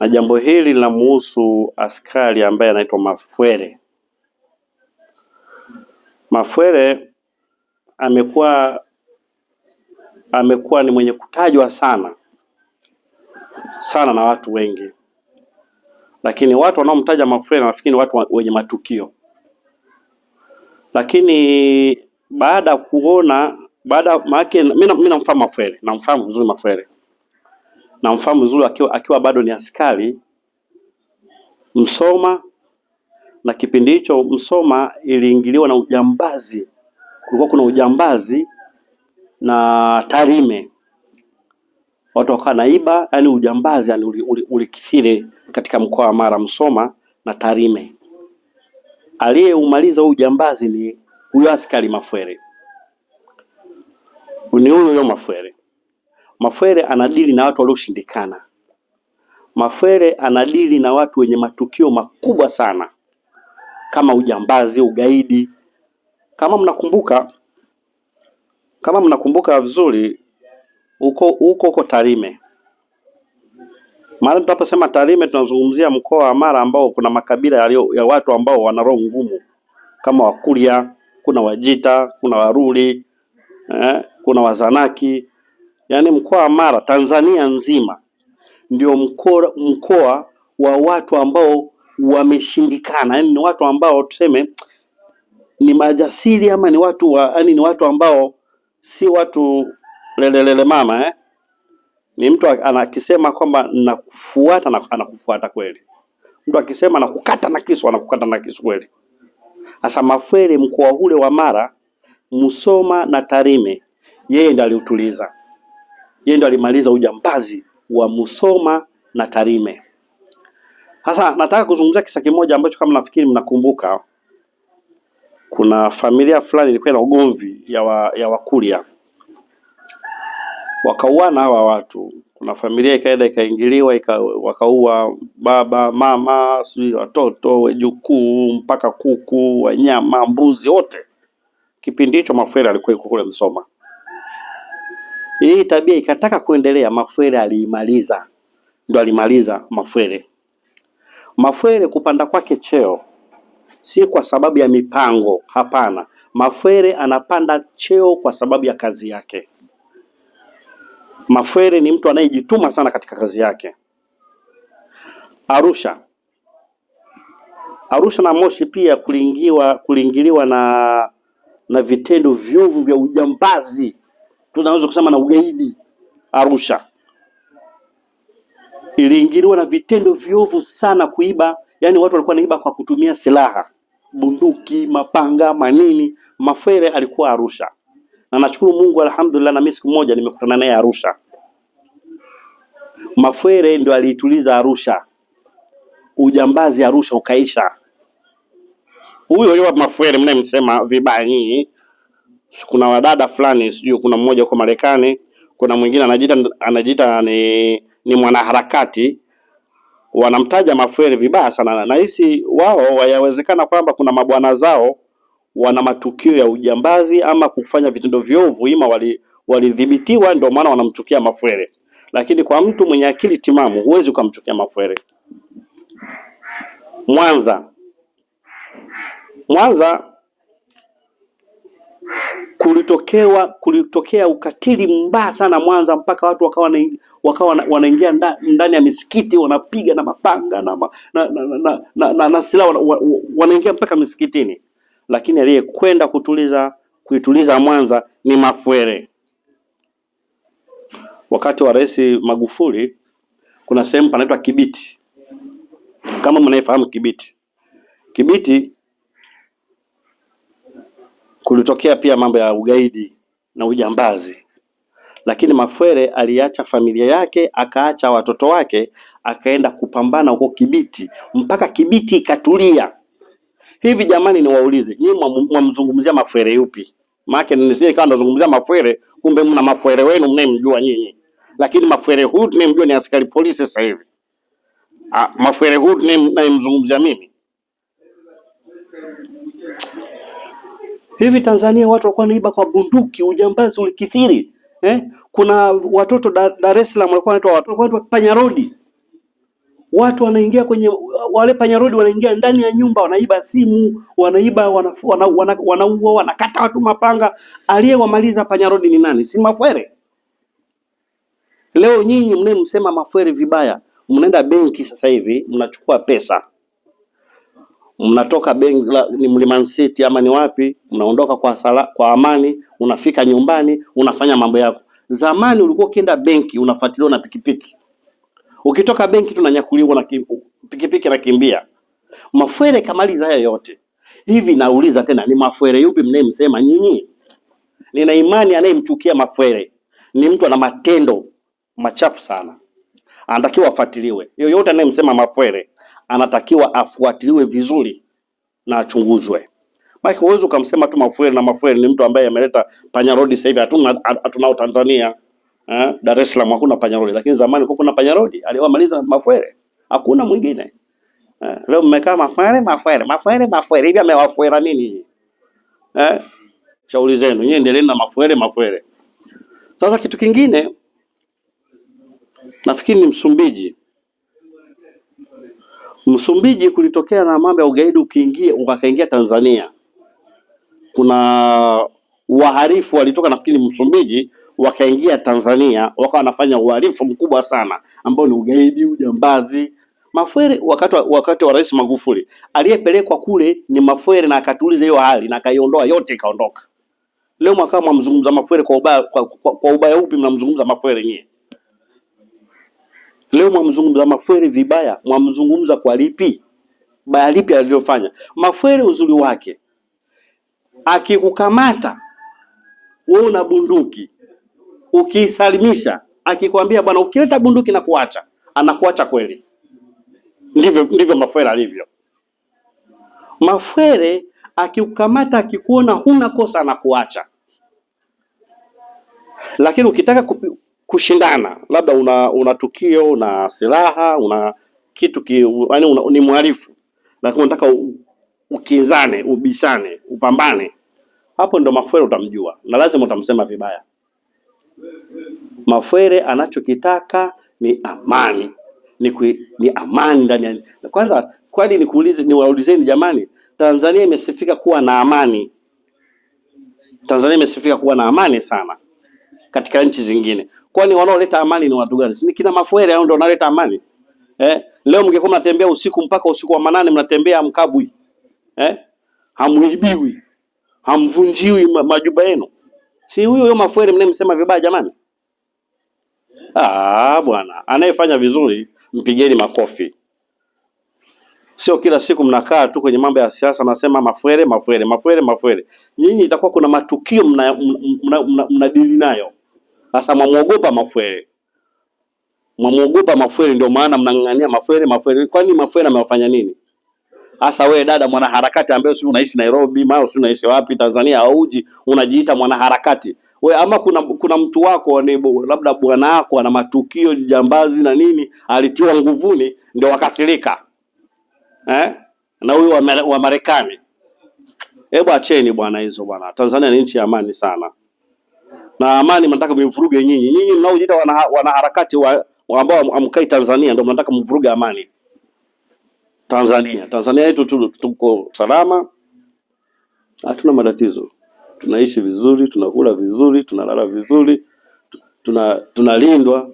na jambo hili linamuhusu askari ambaye anaitwa Mafwele. Mafwele amekuwa amekuwa ni mwenye kutajwa sana sana na watu wengi, lakini watu wanaomtaja Mafwele nafikiri ni watu wenye matukio, lakini baada ya kuona baada maana mimi namfahamu Mafwele, namfahamu vizuri Mafwele namfahamu vizuri akiwa, akiwa bado ni askari Msoma, na kipindi hicho Msoma iliingiliwa na ujambazi, kulikuwa kuna ujambazi na Tarime, watu wakawa naiba, yani ujambazi yani ulikithiri uli, uli katika mkoa wa Mara, Msoma na Tarime. Aliyeumaliza huu ujambazi ni huyo askari Mafwele, ni huyo huyo Mafwele Mafwele anadili na watu walioshindikana. Mafwele anadili na watu wenye matukio makubwa sana kama ujambazi, ugaidi. Kama mnakumbuka, kama mnakumbuka vizuri, huko huko uko Tarime, maana tunaposema Tarime tunazungumzia mkoa wa Mara ambao kuna makabila ya, ya watu ambao wana roho ngumu kama Wakurya, kuna Wajita, kuna Waruri eh, kuna Wazanaki yaani mkoa wa Mara Tanzania nzima ndio mkoa mkoa wa watu ambao wameshindikana, yaani ni watu ambao tuseme ni majasiri ama ni watu wa, yaani ni watu ambao si watu lelelele mama eh? Ni mtu anakisema kwamba nakufuata na anakufuata kweli, mtu akisema nakukata na kisu anakukata na kisu kweli. Asa Mafwele mkoa ule wa Mara, Musoma na Tarime, yeye ndiye aliutuliza. Yeye ndo alimaliza ujambazi wa Musoma na Tarime. Sasa nataka kuzungumzia kisa kimoja ambacho kama nafikiri mnakumbuka, kuna familia fulani ilikuwa na ugomvi ya, wa, ya Wakuria wakauana hawa watu. Kuna familia ikaenda ikaingiliwa ika, wakaua baba, mama, sijui watoto, wajukuu, mpaka kuku, wanyama, mbuzi wote. Kipindi hicho Mafwele alikuwa yuko kule Msoma. Hii tabia ikataka kuendelea, Mafwele aliimaliza, ndo alimaliza Mafwele. Mafwele kupanda kwake cheo si kwa sababu ya mipango, hapana. Mafwele anapanda cheo kwa sababu ya kazi yake. Mafwele ni mtu anayejituma sana katika kazi yake. Arusha, Arusha na Moshi pia kulingiwa, kulingiliwa na na vitendo vyovu vya ujambazi tunaweza kusema na ugaidi Arusha iliingiliwa na vitendo viovu sana, kuiba. Yani watu walikuwa naiba kwa kutumia silaha, bunduki, mapanga, manini. mafere alikuwa Arusha, na nashukuru Mungu, alhamdulillah, na mimi siku moja nimekutana naye Arusha. Mafere ndio aliituliza Arusha, ujambazi Arusha ukaisha. Huyo yule mafere mnayemsema vibaya nyinyi kuna wadada fulani sijui, kuna mmoja huko Marekani, kuna mwingine anajiita anajiita ni, ni mwanaharakati wanamtaja Mafuere vibaya sana. Nahisi wao wayawezekana kwamba kuna mabwana zao wana matukio ya ujambazi ama kufanya vitendo viovu, ima walidhibitiwa, wali ndio maana wanamchukia Mafuere. Lakini kwa mtu mwenye akili timamu huwezi ukamchukia Mafuere. Mwanza Mwanza kulitokewa kulitokea ukatili mbaya sana Mwanza, mpaka watu wakawa wakawa wanaingia ndani ya misikiti wanapiga na mapanga na, ma, na, na, na, na, na, na silaha wanaingia mpaka misikitini, lakini aliyekwenda kutuliza kuituliza Mwanza ni Mafwele. Wakati wa Rais Magufuli kuna sehemu panaitwa Kibiti, kama mnaifahamu Kibiti. Kibiti Kulitokea pia mambo ya ugaidi na ujambazi, lakini Mafwele aliacha familia yake, akaacha watoto wake, akaenda kupambana huko Kibiti mpaka Kibiti ikatulia. Hivi jamani, niwaulize nyinyi, mwamzungumzia mafwere yupi? Maana nisije ikawa nazungumzia Mafwele, kumbe mna Mafwele wenu mnayemjua nyinyi, lakini Mafwele huyu tunayemjua ni askari polisi sasa hivi. Ah, Mafwele huyu tunayemzungumzia mimi Hivi Tanzania watu walikuwa naiba kwa bunduki, ujambazi ulikithiri eh? Kuna watoto Dar es Salaam walikuwa wanaitwa watoto wanaitwa panyarodi. Watu wanaingia kwenye wale panyarodi, wanaingia ndani ya nyumba, wanaiba simu, wanaiba, wanaua, wana, wana, wana, wana wanakata watu mapanga. Aliyewamaliza panyarodi ni nani? Si Mafwere? Leo nyinyi mnemsema Mafwere vibaya, mnaenda benki sasa hivi mnachukua pesa mnatoka Bengla, ni Mlimani City ama ni wapi, mnaondoka kwa sala, kwa amani, unafika nyumbani unafanya mambo yako. Zamani ulikuwa ukienda benki unafuatiliwa na pikipiki, ukitoka benki tunanyakuliwa na pikipiki nakimbia. mafuere kamaliza haya yote hivi, nauliza tena, ni mafuere yupi mnayemsema nyinyi? Nina imani anayemchukia mafuere ni mtu ana matendo machafu sana anatakiwa afuatiliwe. Yoyote anayemsema Mafwele anatakiwa afuatiliwe vizuri na achunguzwe. Mike, huwezi ukamsema tu Mafwele na Mafwele ni mtu ambaye ameleta panyarodi. Sasa hivi hatuna hatunao Tanzania eh, Dar es Salaam hakuna panyarodi, lakini zamani kulikuwa kuna panyarodi aliyomaliza Mafwele, hakuna mwingine eh. Leo mmekaa Mafwele Mafwele Mafwele Mafwele hivi amewafuera nini eh? Shauri zenu nyinyi, endeleeni na Mafwele Mafwele. Sasa kitu kingine nafikiri ni Msumbiji. Msumbiji kulitokea na mambo ya ugaidi ukiingia ukakaingia Tanzania. Kuna waharifu walitoka nafikiri Msumbiji wakaingia Tanzania wakawa wanafanya uharifu mkubwa sana ambao ni ugaidi, ujambazi. Mafwele wakati wa, wakati wa Rais Magufuli aliyepelekwa kule ni Mafwele na akatuliza hiyo hali na akaiondoa yote ikaondoka. Leo mwaka mzungumza kwa ubaya, kwa, kwa, kwa ubaya upi mnamzungumza Mafwele nyie? Leo mwamzungumza Mafwele vibaya, mwamzungumza kwa lipi? Baya lipi alilofanya? Mafwele uzuri wake akikukamata wewe una bunduki, ukiisalimisha, akikwambia bwana, ukileta bunduki na kuacha, anakuacha kweli. Ndivyo ndivyo Mafwele alivyo. Mafwele akikukamata, akikuona huna kosa, anakuacha, lakini ukitaka kupi kushindana, labda una, una tukio una silaha una kitu ki, yani una, ni mhalifu lakini unataka ukinzane ubishane upambane, hapo ndo Mafwele utamjua na lazima utamsema vibaya. Mafwele anachokitaka ni amani, ni, kui, ni amani ndani ya kwanza. Kwani nikuulize, niwaulizeni jamani, Tanzania imesifika kuwa na amani. Tanzania imesifika kuwa na amani sana katika nchi zingine. Kwani wanaoleta amani ni watu gani? Si kina Mafuere hao ndio wanaleta amani? Eh, leo mngekuwa mnatembea usiku mpaka usiku wa manane mnatembea mkabwi. Eh? Hamuibiwi. Hamvunjiwi majumba yenu. Si huyo huyo Mafuere mnayemsema vibaya jamani? Ah, bwana, anayefanya vizuri mpigeni makofi. Sio kila siku mnakaa tu kwenye mambo ya siasa nasema Mafuere, Mafuere, Mafuere, Mafuere. Nyinyi itakuwa kuna matukio mnadili mna, mna, mna, mna nayo sasa mwamwogopa Mafwele, mwamwogopa Mafwele, ndio maana mnang'ang'ania Mafwele, Mafwele. Kwani Mafwele amewafanya nini? Hasa wewe dada mwanaharakati ambaye si unaishi Nairobi, mara si unaishi wapi Tanzania, auji unajiita mwanaharakati we, ama kuna kuna mtu wako nebo, labda bwana wako ana matukio jambazi na nini, alitiwa nguvuni ndio wakasirika eh? na huyu wa Marekani. Hebu acheni bwana hizo bwana, Tanzania ni nchi ya amani sana na amani mnataka mvuruge nyinyi. Nyinyi mnaojiita wana, wanaharakati wa, ambao amkai Tanzania ndio mnataka mvuruge amani Tanzania. Tanzania yetu tuko salama, hatuna matatizo, tunaishi vizuri, tunakula vizuri, tunalala vizuri, tunalindwa,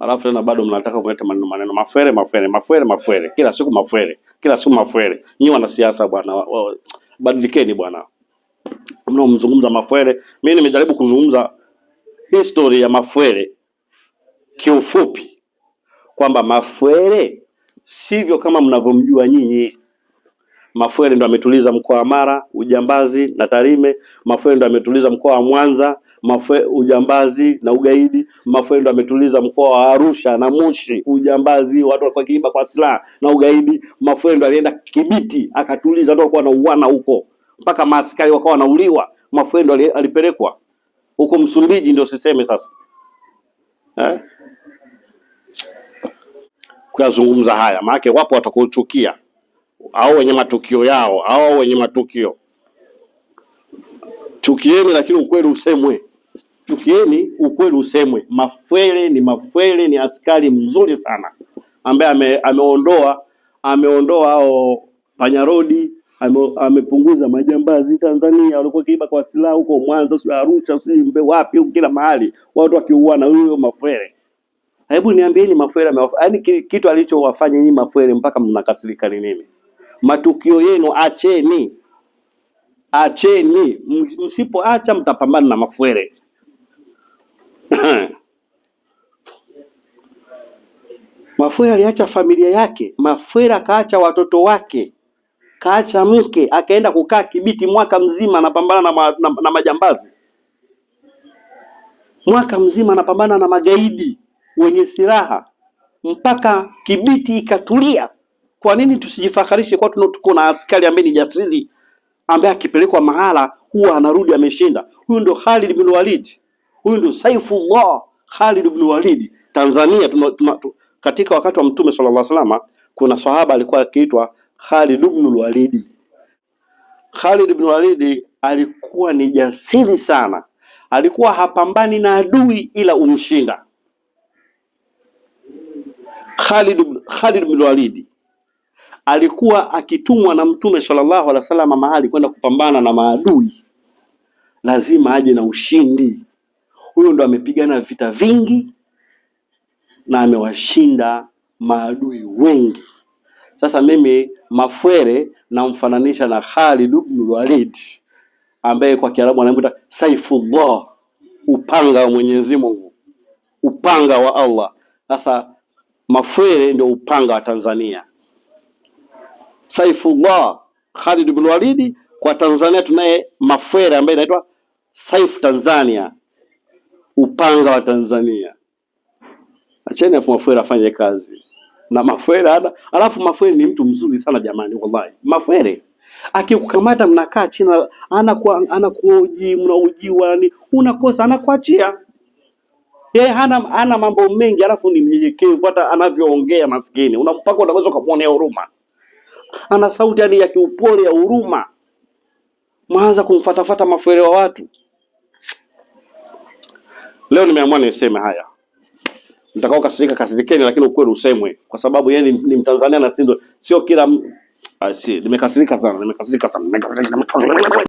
alafu tena bado mnataka kuleta maneno maneno mafere mafere mafere mafere, kila siku mafere, kila siku mafere. Nyinyi wanasiasa bwana, badilikeni bwana, mnaomzungumza mafere. Mimi nimejaribu kuzungumza history ya Mafwele kiufupi, kwamba Mafwele sivyo kama mnavyomjua nyinyi. Mafwele ndo ametuliza mkoa wa Mara ujambazi na Tarime. Mafwele ndo ametuliza mkoa wa Mwanza Mafwe, ujambazi na ugaidi. Mafwele ndo ametuliza mkoa wa Arusha na Moshi, ujambazi, watu walikuwa kiiba kwa silaha na ugaidi. Mafwele ndo alienda Kibiti akatuliza, watu walikuwa uana huko mpaka maaskari wakawa wanauliwa. Mafwele ndo alipelekwa huko Msumbiji ndio siseme sasa eh? Kuyazungumza haya maanake wapo watakuchukia au wenye matukio yao au wenye matukio. Chukieni, lakini ukweli usemwe. Chukieni, ukweli usemwe. Mafwele ni Mafwele ni askari mzuri sana ambaye ameondoa ameondoa hao panyarodi amepunguza majambazi Tanzania walikuwa kiiba kwa silaha huko Mwanza, sio Arusha, sio mbe wapi, kila mahali watu wakiuana. Huyo Mafwele, hebu niambieni Mafwele, yani kitu alichowafanya nyinyi Mafwele mpaka mnakasirika ni nini? Matukio yenu acheni, acheni, msipoacha mtapambana na Mafwele. Mafwele aliacha familia yake, Mafwele akaacha watoto wake kaacha mke akaenda kukaa Kibiti mwaka mzima anapambana na, ma, na, na majambazi mwaka mzima anapambana na magaidi wenye silaha mpaka Kibiti ikatulia. Kwa nini tusijifaharishe kwa tuko na askari ambaye ni jasiri ambaye akipelekwa mahala huwa anarudi ameshinda? Huyu ndio Khalid bin Walid, huyu ndio Saifullah Khalid bin Walid. Tanzania tuna, tuna, katika wakati wa Mtume sallallahu alaihi wasallam kuna sahaba alikuwa akiitwa Khalid ibn Walid. Khalid ibn Walid alikuwa ni jasiri sana, alikuwa hapambani na adui ila umshinda. Khalid, Khalid ibn Walid alikuwa akitumwa na Mtume sallallahu alaihi wasallam mahali kwenda kupambana na maadui, lazima aje na ushindi. Huyo ndo amepigana vita vingi na amewashinda maadui wengi. Sasa mimi Mafwele namfananisha na Khalid ibn Walid ambaye kwa Kiarabu anaitwa Saifullah, upanga wa Mwenyezi Mungu, upanga wa Allah. Sasa Mafwele ndio upanga wa Tanzania. Saifullah Khalid ibn Walid kwa Tanzania tunaye Mafwele ambaye anaitwa Saif Tanzania, upanga wa Tanzania. Acheni afu Mafwele afanye kazi na Mafwele ana. Alafu Mafwele ni mtu mzuri sana jamani, wallahi. Mafwele akikukamata mnakaa chini, anakuoji mnaojiwa ni unakosa, anakuachia yeye, hana hana mambo mengi, alafu ni mnyenyekevu, hata anavyoongea maskini unampaka, unaweza ukamwonea huruma, ana sauti yani ya kiupole ya huruma. Mwanza kumfuatafuta Mafwele wa watu. Leo nimeamua niseme haya mtakao kasirika kasirikeni, lakini ukweli usemwe, kwa sababu yeye ni Mtanzania na sindo sio kila ah, nimekasirika sana, nimekasirika sana.